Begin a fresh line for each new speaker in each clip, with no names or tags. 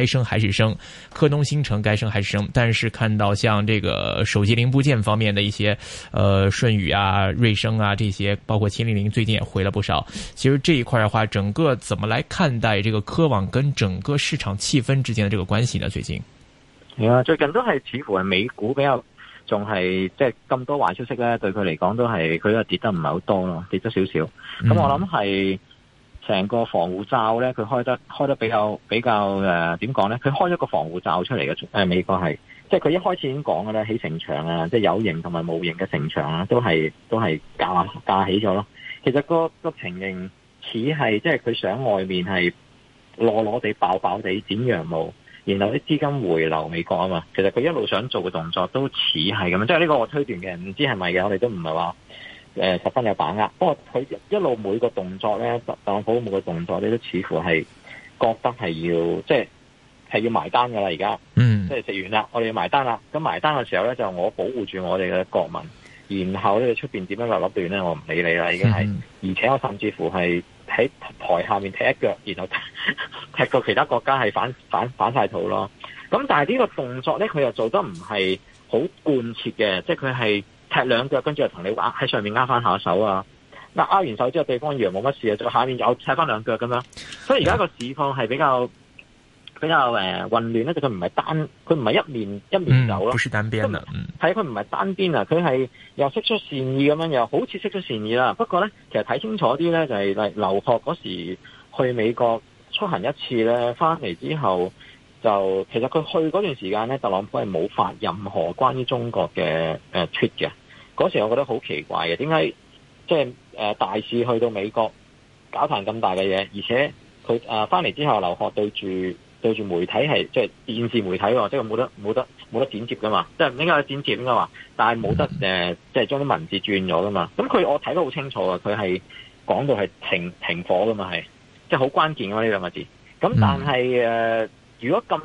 該升還是升，科東新城該升還是升。但是看到像這個手機零部件方面的一些，呃，舜宇啊、瑞聲啊這些，包括千零零最近也回了不少。其實這一塊的話，整個怎麼來看待這個科網跟整個市場氣氛之間的這個關係呢？最近，
係啊，最近都係似乎係美股比較，仲係即係咁多壞消息呢，對佢嚟講都係佢啊跌得唔係好多咯，跌咗少少。咁我諗係。成個防護罩咧，佢開得開得比較比較誒點講咧？佢、呃、開咗個防護罩出嚟嘅、呃，美國係，即係佢一開始已經講嘅咧，起城牆啊，即係有形同埋無形嘅城牆啊，都係都係架架起咗咯。其實、個個情形似係即係佢想外面係裸裸地爆爆地剪羊毛，然後啲資金回流美國啊嘛。其實佢一路想做嘅動作都似係咁，即係呢個我推斷嘅，唔知係咪嘅，我哋都唔係話。誒、呃、十分有把握，不過佢一路每個動作咧，特朗普每個動作咧都似乎係覺得係要，即係係要埋單噶啦，而家、嗯，即係食完啦，我哋要埋單啦。咁埋單嘅時候咧，就我保護住我哋嘅國民，然後咧出邊點樣立立亂咧，我唔理你啦，已經係，嗯、而且我甚至乎係喺台下面踢一腳，然後踢過其他國家係反反反曬肚咯。咁但係呢個動作咧，佢又做得唔係好貫徹嘅，即係佢係。踢兩腳，跟住就同你握喺上面握翻下手啊！嗱，握完手之後，對方以為冇乜事啊，就下面又踢翻兩腳咁、啊、樣。所以而家個市況係比較 Yeah. 比較誒混亂咧，就佢唔係單，佢唔係一面一面走咯。不是單邊、mm, 走的，睇佢唔係單邊啊！佢係又釋出善意咁樣，又好似釋出善意啦。不過咧，其實睇清楚啲咧，就係、是、嚟留學嗰時去美國出行一次咧，翻嚟之後就其實佢去嗰段時間咧，特朗普係冇發任何關於中國嘅誒 tweet 嘅。嗰時我覺得好奇怪嘅，點解？即係誒大使去到美國搞談咁大嘅嘢，而且佢誒翻嚟之後留學對住對住媒體係即係電視媒體喎，即係冇得冇得冇得剪接噶嘛，即係應該有剪接應該話，但係冇得誒即係將啲文字轉咗噶嘛，咁佢我睇得好清楚啊，佢係講到係停停火噶嘛係，即係好關鍵㗎嘛呢兩個字，咁但係誒、呃、如果咁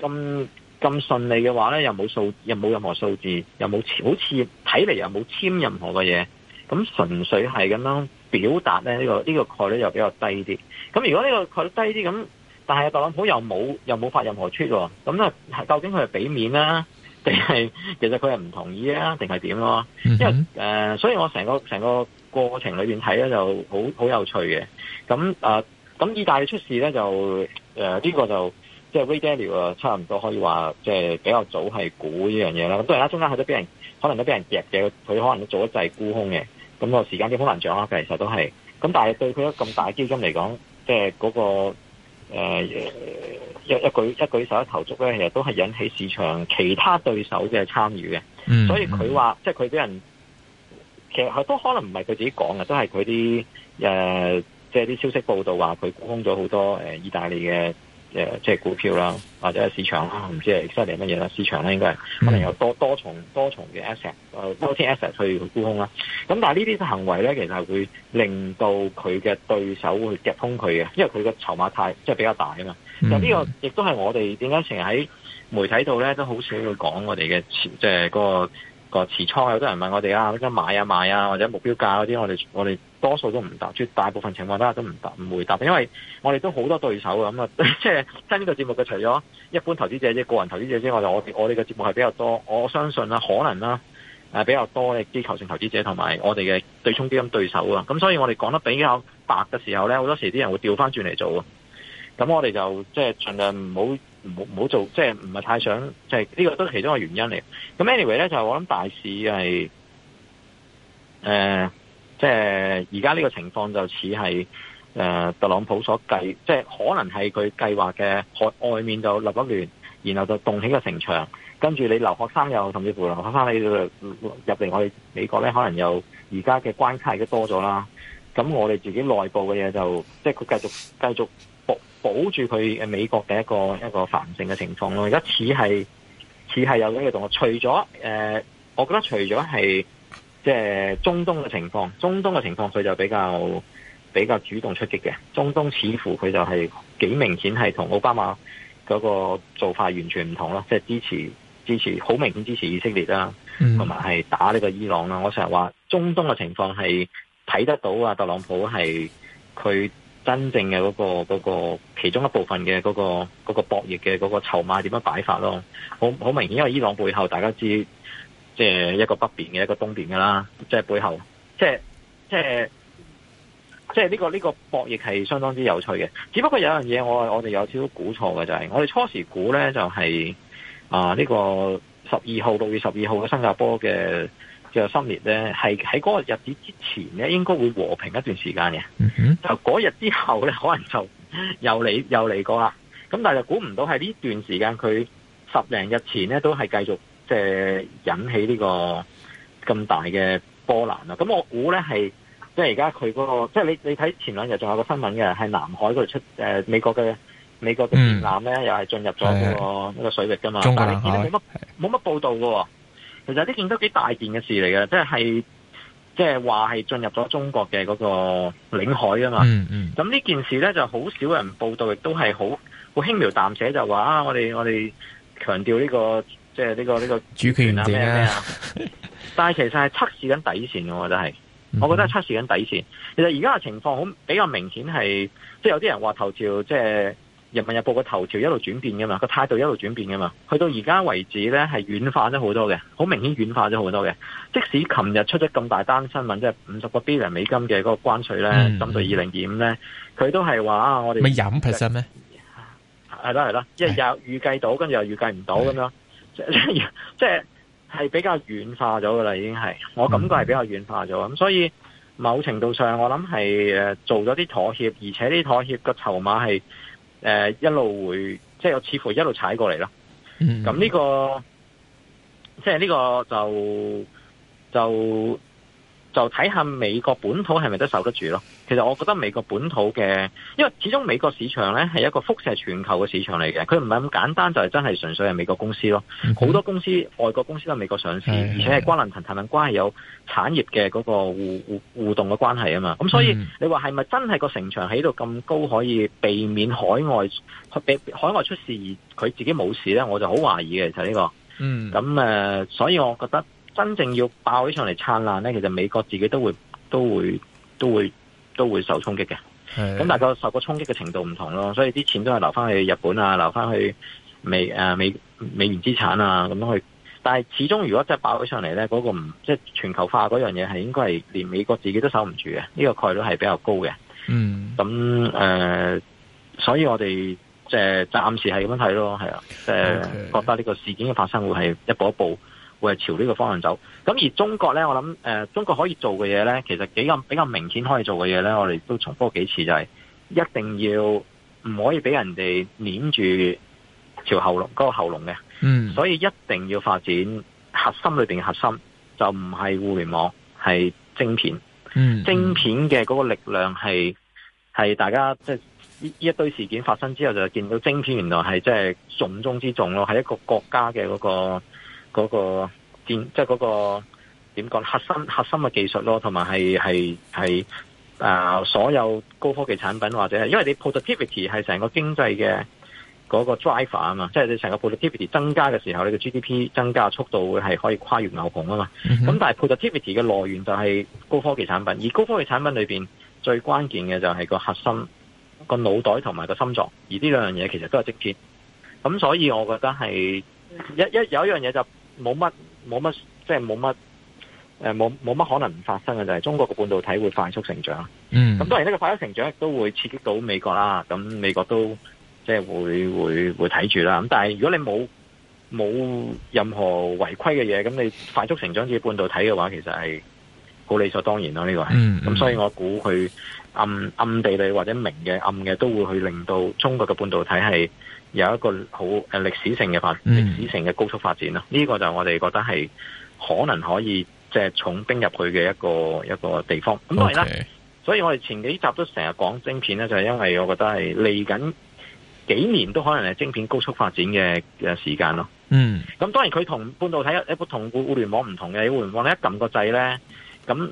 咁。那麼咁順利嘅話咧，又冇數，又冇任何數字，又冇好似睇嚟又冇簽任何嘅嘢，咁純粹係咁樣表達咧，呢個呢個概率又比較低啲。咁如果呢個概率低啲，咁但係特朗普又冇又冇發任何 tweet 喎，咁啊，究竟佢係俾面啦，定係其實佢係唔同意啊，定係點咯？因為誒、mm hmm. 呃，所以我成個成個過程裏面睇咧就好好有趣嘅。咁啊，咁、呃、意大利出事咧就呢、呃呢個就。即係 r d a l 啊，差唔多可以話，即係比較早係估呢樣嘢啦。咁當然啦，中間佢都俾人，可能都俾人夾嘅。佢可能都做一制沽空嘅。咁、那個時間好可掌握嘅，其實都係。咁但係對佢一咁大基金嚟講，即係嗰、那個誒一、呃、一舉一舉，一舉手一投足咧，其實都係引起市場其他對手嘅參與嘅。
嗯嗯，所以佢
話，即係佢俾人，其實都可能唔係佢自己講嘅，都係佢啲誒，即係啲消息報道話佢沽空咗好多誒、呃，意大利嘅。誒，即係股票啦，或者係市場啦，唔知係 exactly 係乜嘢啦。市場咧應該係、mm hmm. 可能有多多重 et, 多重嘅 asset，多啲 asset 去沽空啦。咁但係呢啲行為咧，其實係會令到佢嘅對手會夾通佢嘅，因為佢嘅籌碼太即係比較大啊嘛。咁呢、mm hmm. 個亦都係我哋點解成日喺媒體度咧都好少會講我哋嘅即係嗰個、嗰個持倉。有好多人問我哋啊，即係買啊買啊，或者目標價嗰啲，我哋我哋。多數都唔答，絕大部分情況下都唔答，唔回答，因為我哋都好多對手咁啊，即係真呢個節目嘅，除咗一般投資者，即個人投資者之外，就我哋我哋嘅節目係比較多。我相信啦，可能啦，誒、呃、比較多嘅機構性投資者同埋我哋嘅對沖基金對手啊。咁、嗯、所以我哋講得比較白嘅時候咧，好多時啲人會調翻轉嚟做啊。咁我哋就即係盡量唔好唔好唔好做，即係唔係太想，即係呢個都其中一個原因嚟。咁 anyway 咧，就我諗大市係誒。呃即係而家呢個情況就似係誒特朗普所計，即係可能係佢計劃嘅外外面就立咗亂，然後就動起個城牆，跟住你留學生又甚至乎留學生喺入嚟我哋美國咧，可能又而家嘅關卡都多咗啦。咁我哋自己內部嘅嘢就即係佢繼續繼續保保住佢美國嘅一個一個繁盛嘅情況咯。而家似係似係有呢個動作，除咗誒、呃，我覺得除咗係。即係中東嘅情況，中東嘅情況佢就比較比較主動出擊嘅。中東似乎佢就係幾明顯係同奧巴馬嗰個做法完全唔同咯，即係支持支持，好明顯支持以色列啦，嗯，
同埋係
打呢個伊朗啦。我成日話中東嘅情況係睇得到啊，特朗普係佢真正嘅嗰個嗰個其中一部分嘅嗰個嗰個博弈嘅嗰個籌碼點樣擺法咯，好好明顯，因為伊朗背後大家知道。即係一個北邊嘅一個東邊噶啦，即係背後，即係即係即係、呢、呢個呢、呢個博弈係相當之有趣嘅。只不過有樣嘢我我哋有少少估錯嘅就係，我哋、就係、初時估呢就係、係、啊呢、呢個十二號六月十二號嘅新加坡嘅就新年呢係喺嗰個日子之前呢應該會和平一段時間嘅。嗯哼，就嗰日之後呢可能就又嚟又嚟過啦。咁但係又估唔到係呢段時間佢十零日前呢都係繼續。即係引起呢個咁大嘅波瀾啦。咁我估咧，係，即係而家佢嗰個，即係你你睇前兩日仲有一個新聞嘅，係南海嗰度出誒、呃、美國嘅美國嘅艦艦咧，又係進入咗嗰個個水域噶嘛。嗯、中但係你見冇乜冇乜報道嘅，其實呢件都幾大件嘅事嚟嘅，即係即係話係進入咗中國嘅嗰個領海啊嘛。嗯嗯。咁、嗯、呢件事咧就好少人報道，亦都係好好輕描淡寫就話啊，我哋我哋強調呢個。即係呢個呢、呢個主權啊，但係其實係測試緊底線，啊，是 mm hmm. 我覺得係，我覺得係測試緊底線。其實而家嘅情況好比較明顯係，即係有啲人話頭條，即、就、係、是、人民日報嘅頭條一路轉變噶嘛，個態度一路轉變噶嘛。去到而家為止咧，係軟化咗好多嘅，好明顯軟化咗好多嘅。即使琴日出咗咁大單新聞，即係五十個 billion 美金嘅嗰個關稅咧，針對二零二五咧，佢、hmm. 都係話啊，我哋咩廿五 percent
咩？
係啦係啦，一日又預計到，跟住又預計唔到咁樣。 即係係比較軟化咗噶啦，已經係，我感覺係比較軟化咗，咁、嗯、所以某程度上我諗係誒做咗啲妥協，而且啲妥協個籌碼係誒一路回即係我似乎一路踩過嚟咯，咁呢、嗯這個即係呢個就就。就睇下美國本土係咪都守得住咯？其實我覺得美國本土嘅，因為始終美國市場呢係一個輻射全球嘅市場嚟嘅，佢唔係咁簡單，就係真係純粹係美國公司咯。好多公司外國公司都係美國上市，而且係瓜連藤藤嘅關係，有產業嘅嗰個互互互動嘅關係啊嘛。咁所以你話係咪真係個城牆喺度咁高可以避免海外佢俾海外出事而佢自己冇事呢？我就好懷疑嘅就係呢個。嗯，咁誒，所以我覺得。真正要爆起上嚟燦爛咧，其實美國自己都會都會都會都會受衝擊嘅。咁是的 但係個受個衝擊嘅程度唔同咯，所以啲錢都係留翻去日本去啊，留翻去美美美元資產啊咁樣去。但係始終如果真係爆起上嚟咧，嗰、那個唔即係全球化嗰樣嘢係應該係連美國自己都守唔住嘅，呢、這個概率係比較高嘅。嗯，咁、呃、誒，所以我哋即係暫時係咁樣睇咯，係啊，誒 Okay. 覺得呢個事件嘅發生會係一步一步。會係朝呢個方向走，咁而中國咧，我諗，誒、呃，中國可以做嘅嘢咧，其實幾咁比較明顯可以做嘅嘢咧，我哋都重複幾次就係、是，一定要唔可以俾人哋捏住條喉嚨嗰、那個喉嚨嘅，嗯，所以一定要發展核心裏邊嘅核心，就唔係互聯網，係晶片，嗯，晶片嘅嗰個力量係係大家即係呢一堆事件發生之後就見到晶片原來係即係重中之重咯，係一個國家嘅嗰、那個。嗰個電即係嗰個點講核心核心嘅技術咯，同埋係係係誒所有高科技產品或者係，因為你 productivity 係成個經濟嘅嗰個 driver 啊嘛，即係你成個 productivity 增加嘅時候，你嘅 GDP 增加速度會係可以跨越牛熊啊嘛。咁、mm hmm. 但係 productivity 嘅來源就係高科技產品，而高科技產品裏邊最關鍵嘅就係個核心個腦袋同埋個心臟，而呢兩樣嘢其實都係直接。咁所以我覺得係一一有一樣嘢就是。冇乜冇乜即係冇乜誒冇冇乜可能唔發生嘅就係、是、中國嘅半導體會快速成長。嗯，咁當然呢、這個快速成長亦都會刺激到美國啦。咁美國都即係會會會睇住啦。咁但係如果你冇冇任何違規嘅嘢，咁你快速成長自己半導體嘅話，其實係好理所當然咯。呢、這個係，嗯，咁所以我估佢。暗暗地裏或者明嘅暗嘅都會去令到中國嘅半導體係有一個好誒歷史性嘅發展，嗯、歷史性嘅高速發展咯，呢，這個就是我哋覺得係可能可以即係，就是，重兵入去嘅一個一個地方。咁當然啦，Okay. 所以我哋前幾集都成日講晶片咧，就係，是、因為我覺得係嚟緊幾年都可能係晶片高速發展嘅嘅時間咯。嗯，咁當然佢同半導體一同互互聯網唔同嘅，互聯網你一撳個掣咧咁。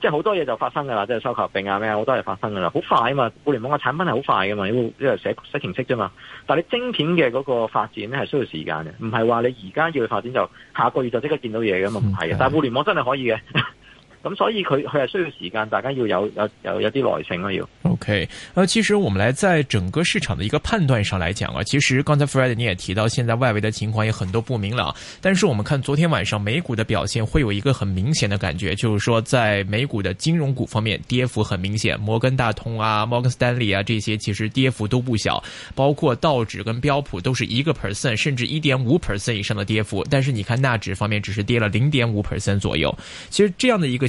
即係好多嘢就發生㗎啦，即係收購並啊咩啊，好多嘢發生㗎啦，好快啊嘛！互聯網嘅產品係好快㗎嘛，因為寫寫程式啫嘛。但係你晶片嘅嗰個發展咧係需要時間嘅，唔係話你而家要去發展就下個月就即刻見到嘢嘅嘛，唔係嘅。但係互聯網真係可以嘅。 咁所以佢佢係需要時間，大家要有
有有有啲耐性咯，要。OK，誒、呃，其實我們來在整個市場的一個判斷上來講啊，其實剛才 Fred 你也提到，現在外圍的情況有很多不明朗，但是我們看昨天晚上美股的表現，會有一個很明顯的感覺，就是說在美股的金融股方面跌幅很明顯，摩根大通啊、摩根士丹利啊，這些其實跌幅都不小，包括道指跟標普都是一個 percent 甚至一點五 percent 以上的跌幅，但是你看納指方面只是跌了零點五 percent 左右，其實這樣的一個。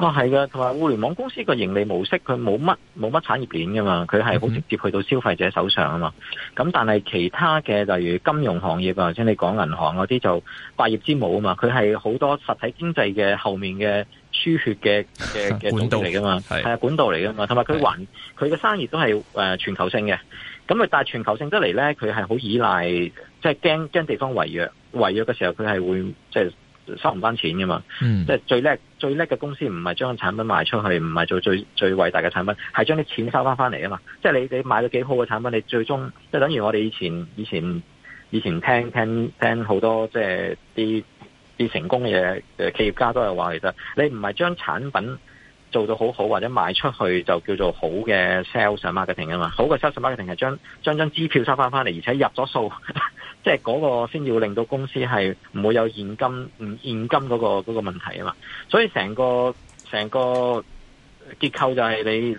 哦，係噶，同埋互聯網公司個盈利模式，佢冇乜冇乜產業鏈噶嘛，佢係好直接去到消費者手上啊嘛。咁但係其他嘅例如金融行業啊，即係你講銀行嗰啲就百業之母啊嘛，佢係好多實體經濟嘅後面嘅輸血嘅嘅嘅管道嚟噶嘛，係嘅管道嚟噶嘛。同埋佢還佢嘅生意都係、呃、全球性嘅。咁佢但係全球性得嚟咧，佢係好依賴，即係驚驚地方違約，違約嘅時候佢係會即係。就是收唔翻錢㗎嘛，嗯、即係最叻最叻嘅公司，唔係將產品賣出去，唔係做最最偉大嘅產品，係將啲錢收翻翻嚟㗎嘛！即係你你買咗幾好嘅產品，你最終即係等於我哋以前以前以前聽聽聽好多即係啲啲成功嘅嘢嘅企業家都係話，其實你唔係將產品。做到好好或者賣出去就叫做好嘅 sales marketing 啊嘛，好嘅 sales marketing 係將，將張支票收翻翻嚟，而且入咗數，即係嗰個先要令到公司係唔會有現金唔現金嗰個嗰個問題啊嘛，所以成個成個結構就係你、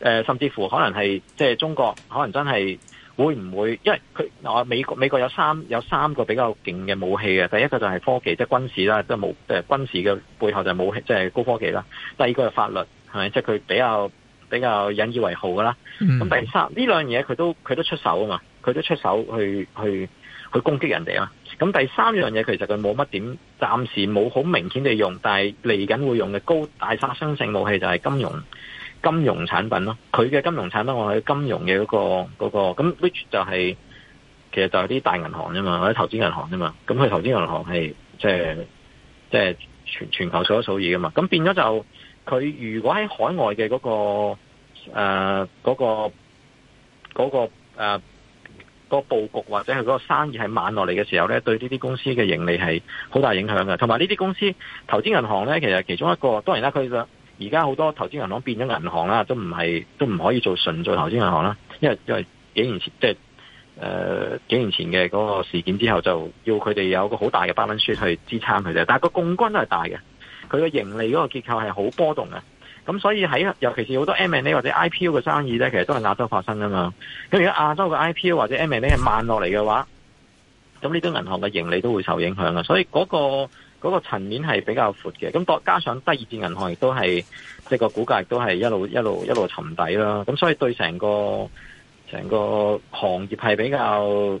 呃、甚至乎可能係即係中國可能真係。會唔會？因為佢美國美國有三有三個比較勁嘅武器嘅，第一個就係科技，即係軍事啦，即係武誒軍事嘅背後就係武器，即係高科技啦。第二個係法律，係咪？即係佢比較比較引以為豪噶啦。咁、嗯、第三呢兩樣嘢，佢都佢都出手啊嘛，佢都出手去去去攻擊人哋啊。咁第三樣嘢，其實佢冇乜點，暫時冇好明顯地用，但係嚟緊會用嘅高大殺傷性武器就係金融。金融產品咯，佢嘅金融產品我喺金融嘅嗰個嗰個，咁 which 就係、是、其實就係啲大銀行啫嘛，或者投資銀行啫嘛，咁佢投資銀行係即係即係全全球數一數二㗎嘛，咁變咗就佢如果喺海外嘅嗰、嗰個誒嗰、呃嗰個嗰、嗰個、啊嗰個佈局或者係嗰個生意係慢落嚟嘅時候咧，對呢啲公司嘅盈利係好大影響嘅，同埋呢啲公司投資銀行咧，其實其中一個當然啦，佢而家好多投資銀行變咗銀行啦，都唔係都唔可以做純做投資銀行啦，因為因為幾年前即係誒、呃、幾年前嘅嗰個事件之後，就要佢哋有個好大嘅 balance sheet 去支撐佢哋。但係個共軍係大嘅，佢個盈利嗰個結構係好波動嘅。咁所以喺尤其是好多 M&A 或者 IPO 嘅生意呢，其實都係亞洲發生噶嘛。咁如果亞洲嘅 IPO 或者 M&A 係慢落嚟嘅話，咁呢啲銀行嘅盈利都會受影響啊。所以嗰、那個。嗰個層面係比較闊嘅，咁多加上第二隻銀行亦都係，即係個股價亦都係一路一路一路沉底啦，咁所以對成個成個行業係比較。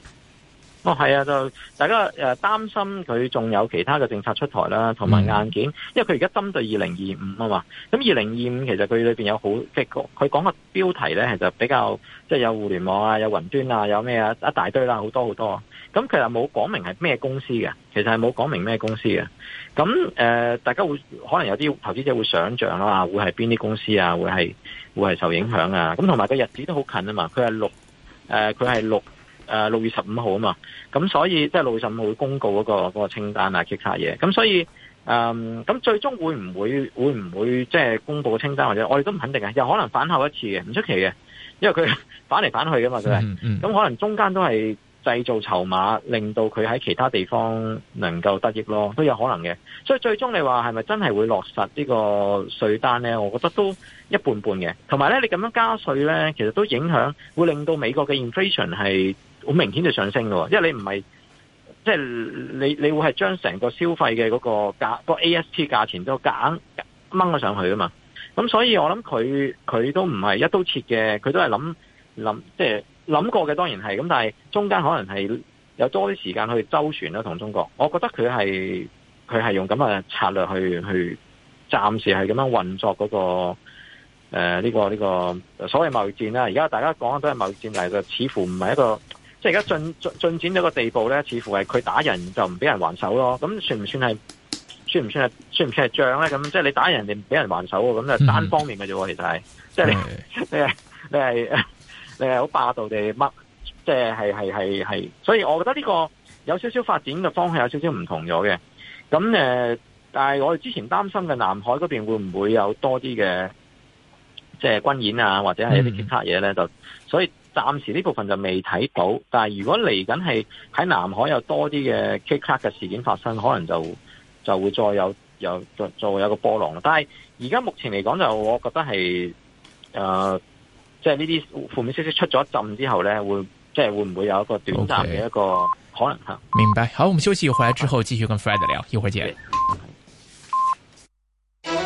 哦，係啊，就大家誒擔、呃、心佢仲有其他嘅政策出台啦，同埋硬件，嗯、因為佢而家針對二零二五啊嘛，咁二零二五其實佢裏邊有好即係佢講嘅標題呢，其實比較即係、就是、有互聯網啊，有雲端啊，有咩啊，一大堆啦，好多好多。咁其實冇講明係咩公司嘅，其實係冇講明咩公司嘅。咁誒、呃，大家會可能有啲投資者會想象啦，會係邊啲公司啊，會係會係受影響啊？咁同埋個日子都好近啊嘛，佢係六誒，佢係六。誒六、uh, 月十五號啊嘛，咁所以即係六月十五號會公告嗰個嗰個清單啊，其他嘢，咁所以誒，咁、嗯、最終會唔會會唔會即係公布清單，或者我哋都唔肯定，有可能反後一次嘅，唔出奇嘅，因為佢反嚟反去噶嘛，佢、嗯、咁、嗯、可能中間都係製造籌碼，令到佢喺其他地方能夠得益咯，都有可能嘅，所以最終你話係咪真係會落實個稅呢個稅單咧？我覺得都一半半嘅，同埋咧你咁樣加稅咧，其實都影響會令到美國嘅 inflation 係好明顯就上升喎，因為你唔係即係你你會係將成個消費嘅嗰個價、嗰個 A S T 價錢都夾硬掹咗上去啊嘛。咁所以我，我諗佢佢都唔係一刀切嘅，佢都係諗諗即係諗過嘅，當然係咁。但係中間可能係有多啲時間去周旋啦，同中國。我覺得佢係佢係用咁嘅策略去去暫時係咁樣運作嗰、嗰個呢、呃呢個呢、呢個所謂貿易戰啦、啊。而家大家講都係貿易戰嚟嘅，似乎唔係一個。即係而家進進進展到個地步咧，似乎係佢打人就唔俾人還手咯。咁算唔算係算唔算係算唔算係仗咧？咁即係你打人哋唔俾人還手喎，咁就單方面嘅啫喎，其實係、嗯、即係你你係你係你係好霸道地乜？即係係係係係所以我覺得呢個有少少發展嘅方向有少少唔同咗嘅。咁、呃、但係我哋之前擔心嘅南海嗰邊會唔會有多啲嘅即係軍演啊，或者係一啲其他嘢咧？就、嗯、所以。暫時呢部分就未睇到，但係如果嚟緊係喺南海有多啲嘅 kickback 嘅事件發生，可能就就會再有有再再有個波浪。但係而家目前嚟講就我覺得係誒，即係呢啲負面消息出咗一陣之後呢，會即係、就是、會唔會有一個短暫嘅一個 Okay. 可能吓？
明白。好，我們休息一會之後繼續跟 Fred 聊，一會見。